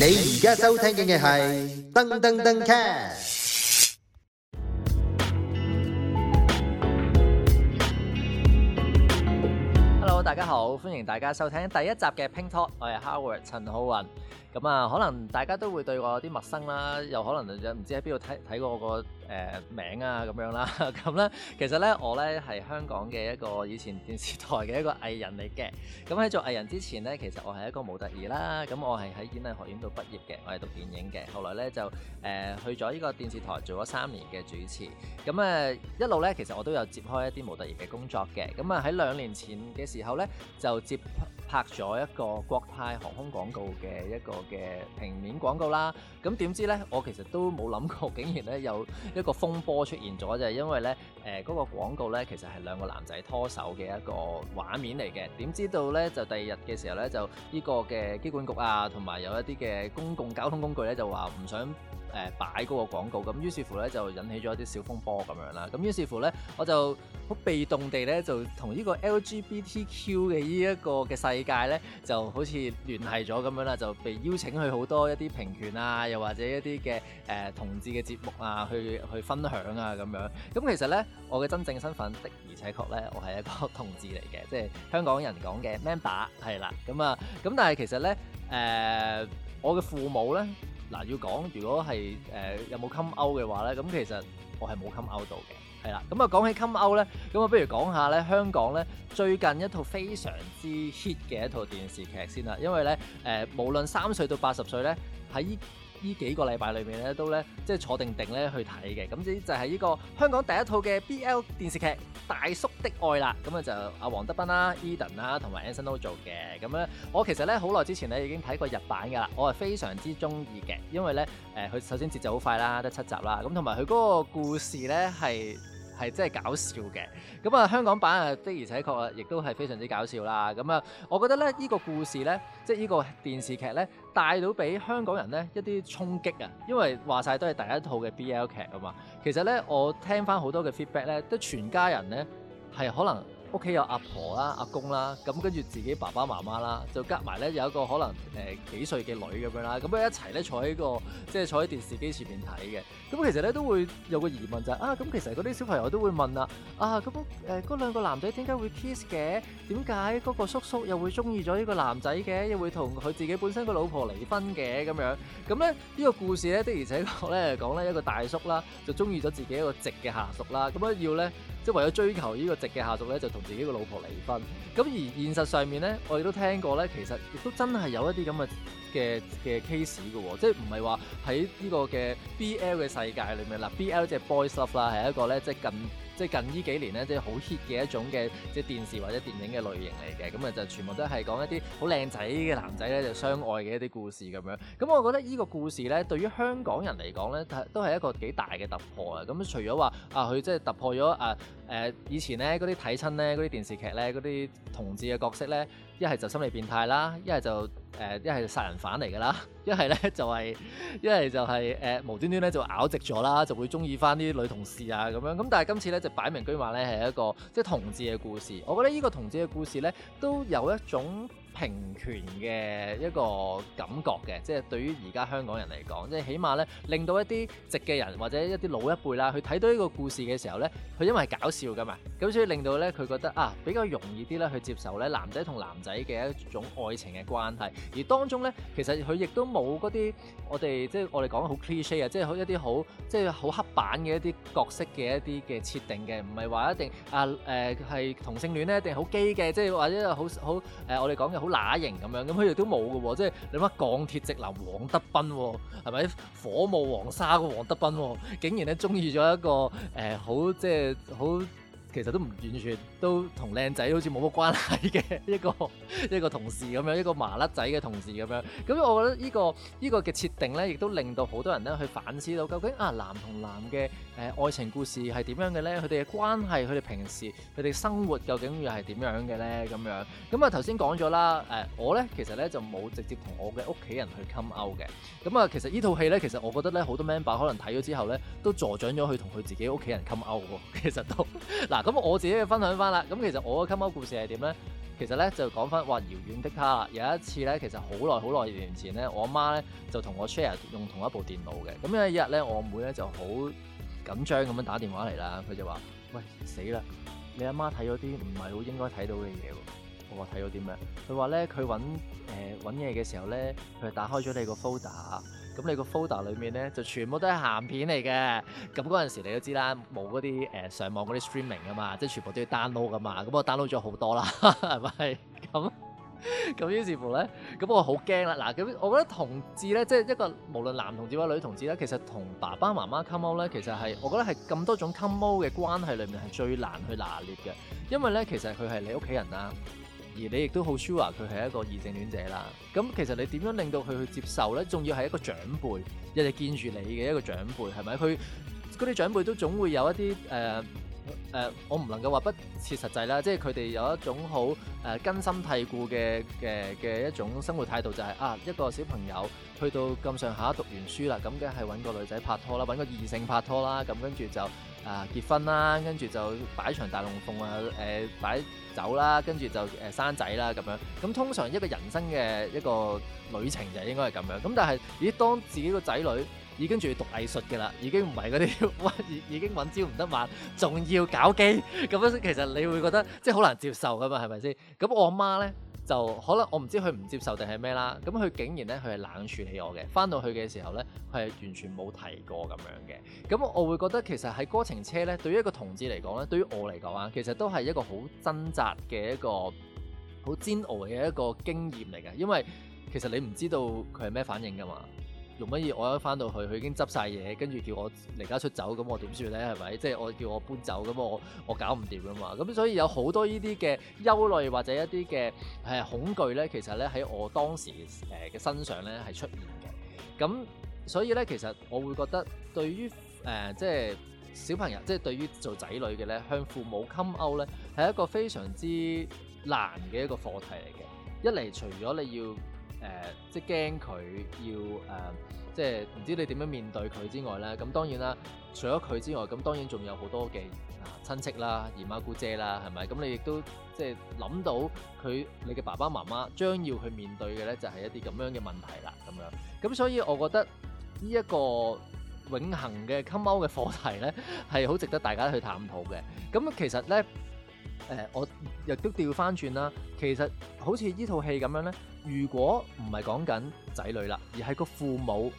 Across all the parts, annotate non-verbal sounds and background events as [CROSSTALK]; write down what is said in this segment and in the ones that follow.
你而家收聽嘅係噔噔噔 cast。Hello，大家好，歡迎大家收聽第一集嘅 Ping Talk，我係 Howard 陳浩雲。咁啊，可能大家都會對我有啲陌生啦，又可能唔知喺邊度睇睇過我個誒名啊咁樣啦，咁咧其實咧我咧係香港嘅一個以前電視台嘅一個藝人嚟嘅。咁喺做藝人之前咧，其實我係一個模特兒啦。咁我係喺演藝學院度畢業嘅，我係讀電影嘅。後來咧就誒去咗呢個電視台做咗三年嘅主持。咁啊一路咧，其實我都有接開一啲模特兒嘅工作嘅。咁啊喺兩年前嘅時候咧，就接。拍咗一個國泰航空廣告嘅一個嘅平面廣告啦，咁點知呢，我其實都冇諗過，竟然呢有一個風波出現咗，就係因為呢，誒嗰個廣告呢其實係兩個男仔拖手嘅一個畫面嚟嘅，點知道呢就第二日嘅時候呢就呢個嘅機管局啊，同埋有一啲嘅公共交通工具呢就話唔想。誒擺嗰個廣告，咁於是乎咧就引起咗一啲小風波咁樣啦。咁於是乎咧，我就好被動地咧，就同呢個 LGBTQ 嘅呢一個嘅世界咧，就好似聯繫咗咁樣啦，就被邀請去好多一啲平權啊，又或者一啲嘅誒同志嘅節目啊，去去分享啊咁樣。咁其實咧，我嘅真正身份的而且確咧，我係一個同志嚟嘅，即係香港人講嘅 member 係啦。咁啊，咁但係其實咧，誒、呃、我嘅父母咧。嗱，要講如果係誒、呃、有冇襟歐嘅話咧，咁其實我係冇襟歐到嘅，係啦。咁啊講起襟歐咧，咁啊不如講下咧香港咧最近一套非常之 hit 嘅一套電視劇先啦，因為咧誒、呃、無論三歲到八十歲咧喺，呢幾個禮拜裏面咧，都咧即係坐定定咧去睇嘅，咁即就係呢個香港第一套嘅 BL 電視劇《大叔的愛》啦，咁啊就阿黃德斌啦、Eden 啦同埋 Anson 都做嘅，咁咧我其實咧好耐之前咧已經睇過日版噶啦，我係非常之中意嘅，因為咧誒佢首先節奏好快啦，得七集啦，咁同埋佢嗰個故事咧係。係真係搞笑嘅，咁、嗯、啊香港版啊的而且確啊，亦都係非常之搞笑啦。咁、嗯、啊，我覺得咧依、依個故事咧，即係依個電視劇咧，帶到俾香港人咧一啲衝擊啊。因為話晒都係第一套嘅 BL 劇啊嘛、嗯。其實咧，我聽翻好多嘅 feedback 咧，都全家人咧係可能。屋企有阿婆啦、阿公啦，咁跟住自己爸爸媽媽啦，就夾埋咧有一個可能誒幾歲嘅女咁樣啦，咁樣一齊咧坐喺個即係坐喺電視機前面睇嘅。咁其實咧都會有個疑問就係啊，咁其實嗰啲小朋友都會問啦，啊咁誒嗰兩個男仔點解會 kiss 嘅？點解嗰個叔叔又會中意咗呢個男仔嘅？又會同佢自己本身個老婆離婚嘅咁樣？咁咧呢個故事咧的而且確咧係講咧一個大叔啦，就中意咗自己一個直嘅下屬啦，咁樣要咧。即係為咗追求個呢個直嘅下屬咧，就同自己個老婆離婚。咁而現實上面咧，我哋都聽過咧，其實亦都真係有一啲咁嘅嘅嘅 case 嘅喎、哦。即係唔係話喺呢個嘅 BL 嘅世界裏面啦 [NOISE] ，BL 即係 boys love 啦，係一個咧即係近。即係近呢幾年咧，即係好 hit 嘅一種嘅即係電視或者電影嘅類型嚟嘅，咁啊就全部都係講一啲好靚仔嘅男仔咧就相愛嘅一啲故事咁樣。咁我覺得呢個故事咧，對於香港人嚟講咧，都係一個幾大嘅突破啊！咁除咗話啊，佢即係突破咗啊誒以前咧嗰啲睇親咧嗰啲電視劇咧嗰啲同志嘅角色咧。一係就心理變態啦，一係就誒一係殺人犯嚟㗎啦，一係咧就係一係就係、是、誒、呃、無端端咧就拗直咗啦，就會鍾意返啲女同事啊咁樣，咁但係今次咧就擺明居馬咧係一個即係同志嘅故事，我覺得呢個同志嘅故事咧都有一種平權嘅一個感覺嘅，即係對於而家香港人嚟講，即係起碼咧令到一啲直嘅人或者一啲老一輩啦，佢睇到呢個故事嘅時候咧，佢因為搞笑㗎嘛，咁所以令到咧佢覺得啊比較容易啲咧去接受咧男仔同男仔嘅一種愛情嘅關係，而當中咧其實佢亦都冇啲我哋即係我哋講好 cliche 啊，即係好一啲好即係好刻板嘅一啲角色嘅一啲嘅設定嘅，唔係話一定啊誒係同性戀咧，一定好基嘅，即係或者好好誒我哋講嘅好。乸型咁樣，咁佢哋都冇嘅喎，即係你乜鋼鐵直男黃德斌喎，係咪火舞黃沙嘅黃德斌喎，竟然咧中意咗一個誒好即係好。其實都唔完全，都同靚仔好似冇乜關係嘅一個一個同事咁樣，一個麻甩仔嘅同事咁樣。咁我覺得呢、呢個依、呢個嘅設定咧，亦都令到好多人咧去反思到究竟啊男同男嘅誒、呃、愛情故事係點樣嘅咧？佢哋嘅關係，佢哋平時佢哋生活究竟又係點樣嘅咧？咁樣咁啊頭先講咗啦，誒、呃、我咧其實咧就冇直接同我嘅屋企人去 come out 嘅。咁啊其實呢套、啊、戲咧，其實我覺得咧好多 member 可能睇咗之後咧，都助長咗去同佢自己屋企人 come out 喎。其實都嗱。 [LAUGHS] 咁、啊、我自己嘅分享翻啦，咁其實我嘅 come out 故事係點咧？其實咧就講翻話遙遠的他啦。有一次咧，其實好耐好耐年前咧，我阿媽咧就同我 share 用同一部電腦嘅。咁有一日咧，我妹咧就好緊張咁樣打電話嚟啦。佢就話：喂，死啦！你阿媽睇咗啲唔係好應該睇到嘅嘢喎。我話睇咗啲咩？佢話咧佢揾誒揾嘢嘅時候咧，佢打開咗你個 folder。咁你個 Folder 裏面咧就全部都係鹹片嚟嘅，咁嗰陣時你都知啦，冇嗰啲誒上網嗰啲 streaming 啊嘛，即係全部都要 download 噶嘛，咁我 download 咗好多啦，係 [LAUGHS] 咪不是？咁 [LAUGHS] 咁於是乎咧，咁我好驚啦，嗱，咁我覺得同志咧，即係一個無論男同志或者女同志咧，其實同爸爸媽媽 come out 咧，其實係我覺得係咁多種 come out 嘅關係裏面係最難去拿捏嘅，因為咧其實佢係你屋企人啊。而你亦都好 sure 佢係一個異性戀者啦，咁其實你點樣令到佢去接受咧？仲要係一個長輩，日日見住你嘅一個長輩，係咪？佢嗰啲長輩都總會有一啲誒。呃誒，我唔能夠話不切實際啦，即係佢哋有一種好誒根深蒂固嘅嘅嘅一種生活態度，就係啊一個小朋友去到咁上下讀完書啦，咁梗係搵個女仔拍拖啦，搵個異性拍拖啦，咁跟住就啊結婚啦，跟住就擺場大龍鳳啊誒擺酒啦，跟住就誒生仔啦咁樣。咁通常一個人生嘅一個旅程就應該係咁樣。咁但係咦，當自己個仔女，已經仲要讀藝術嘅啦，已經唔係嗰啲已已經揾朝唔得晚仲要搞基。咁樣其實你會覺得即係好難接受噶嘛，係咪先？咁我阿媽呢，就可能我唔知佢唔接受定係咩啦，咁佢竟然呢，佢係冷處理我嘅，翻到去嘅時候呢，佢係完全冇提過咁樣嘅。咁我會覺得其實喺哥情車呢，對於一個同志嚟講呢，對於我嚟講啊，其實都係一個好掙扎嘅一個好煎熬嘅一個經驗嚟嘅，因為其實你唔知道佢係咩反應噶嘛。容乜易，我一翻到去，佢已經執晒嘢，跟住叫我離家出走，咁我點算咧？係咪？即係我叫我搬走，咁我我搞唔掂啊嘛！咁所以有好多呢啲嘅憂慮或者一啲嘅誒恐懼咧，其實咧喺我當時誒嘅身上咧係出現嘅。咁所以咧，其實我會覺得對於誒即係小朋友，即係對於做仔女嘅咧，向父母 come out 咧，係一個非常之難嘅一個課題嚟嘅。一嚟，除咗你要。誒、呃，即係驚佢要誒、呃，即係唔知你點樣面對佢之外咧，咁當然啦，除咗佢之外，咁當然仲有好多嘅親戚啦、姨媽姑姐啦，係咪？咁你亦都即係諗到佢你嘅爸爸媽媽將要去面對嘅咧，就係、是、一啲咁樣嘅問題啦，咁樣。咁所以我覺得呢一個永恆嘅 come out 嘅課題咧，係好值得大家去探討嘅。咁其實咧。誒、呃，我亦都調翻轉啦。其實好似依套戲咁樣咧，如果唔係講緊仔女啦，而係個父母，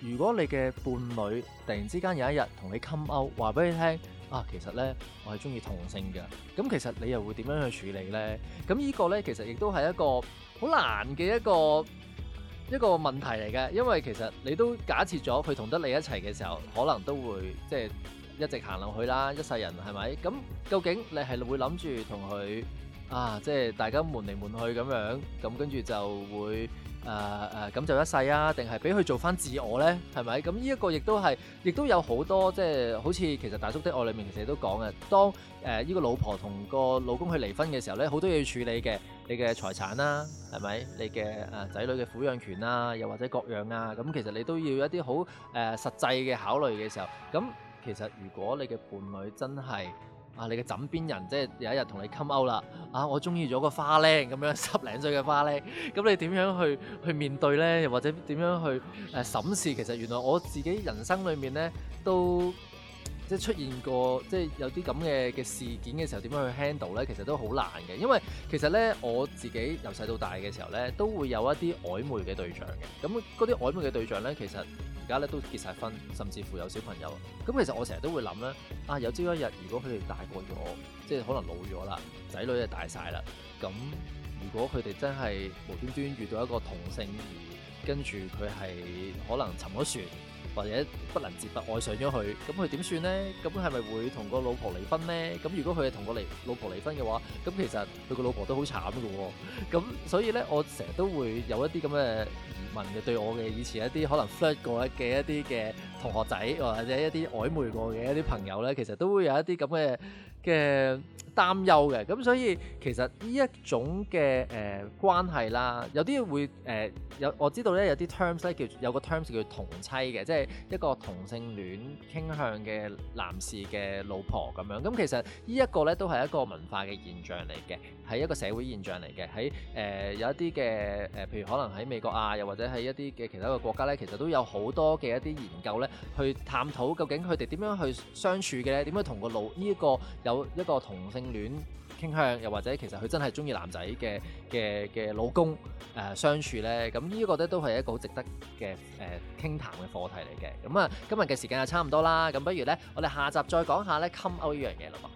如果你嘅伴侶突然之間有一日同你 come out，話俾你聽啊，其實咧我係中意同性嘅。咁其實你又會點樣去處理咧？咁呢個咧其實亦都係一個好難嘅一個一個問題嚟嘅，因為其實你都假設咗佢同得你一齊嘅時候，可能都會即係。一直行落去啦，一世人，係咪？咁究竟你係會諗住同佢啊，即係大家悶嚟悶去咁樣，咁跟住就會誒誒咁就一世啊？定係俾佢做翻自我咧？係咪？咁呢一個亦都係亦都有好多即係好似其實大叔的愛裡面其實都講嘅，當誒呢、呃這個老婆同個老公去離婚嘅時候咧，好多嘢要處理嘅，你嘅財產啦，係咪？你嘅誒仔女嘅撫養權啊，又或者各樣啊，咁、嗯、其實你都要一啲好誒實際嘅考慮嘅時候，咁、嗯。嗯其實，如果你嘅伴侶真係啊，你嘅枕邊人，即係有一日同你勾勾啦，啊，我中意咗個花靚咁樣十零歲嘅花靚，咁你點樣去去面對呢？又或者點樣去誒審視？其實原來我自己人生裡面呢都，即係出現過，即係有啲咁嘅嘅事件嘅時候，點樣去 handle 咧？其實都好難嘅，因為其實咧我自己由細到大嘅時候咧，都會有一啲曖昧嘅對象嘅。咁嗰啲曖昧嘅對象咧，其實而家咧都結晒婚，甚至乎有小朋友。咁其實我成日都會諗咧，啊有朝一日如果佢哋大個咗，即係可能老咗啦，仔女就大晒啦，咁如果佢哋真係無端端遇到一個同性，跟住佢係可能沉咗船。或者不能自拔愛上咗佢，咁佢點算呢？咁係咪會同個老婆離婚呢？咁如果佢係同個離老婆離婚嘅話，咁其實佢個老婆都好慘㗎喎。咁所以呢，我成日都會有一啲咁嘅疑問嘅，對我嘅以前一啲可能 flirt 過嘅一啲嘅同學仔，或者一啲曖昧過嘅一啲朋友呢，其實都會有一啲咁嘅。嘅擔憂嘅，咁所以其實呢一種嘅誒、呃、關係啦，有啲會誒有、呃、我知道咧有啲 terms 咧叫有個 terms 叫同妻嘅，即係一個同性戀傾向嘅男士嘅老婆咁樣，咁、嗯、其實呢一個咧都係一個文化嘅現象嚟嘅，係一個社會現象嚟嘅。喺誒、呃、有一啲嘅誒譬如可能喺美國啊，又或者喺一啲嘅其他嘅國家咧，其實都有好多嘅一啲研究咧，去探討究竟佢哋點樣去相處嘅咧，點樣同、這個老呢一個。有。一個同性戀傾向，又或者其實佢真係中意男仔嘅嘅嘅老公誒相處咧，咁呢個咧都係一個好值得嘅誒傾談嘅課題嚟嘅。咁啊，今日嘅時間就差唔多啦，咁不如咧，我哋下集再講下咧 come out 呢樣嘢啦。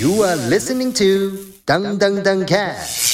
You are listening to Dung Dung Dungcast。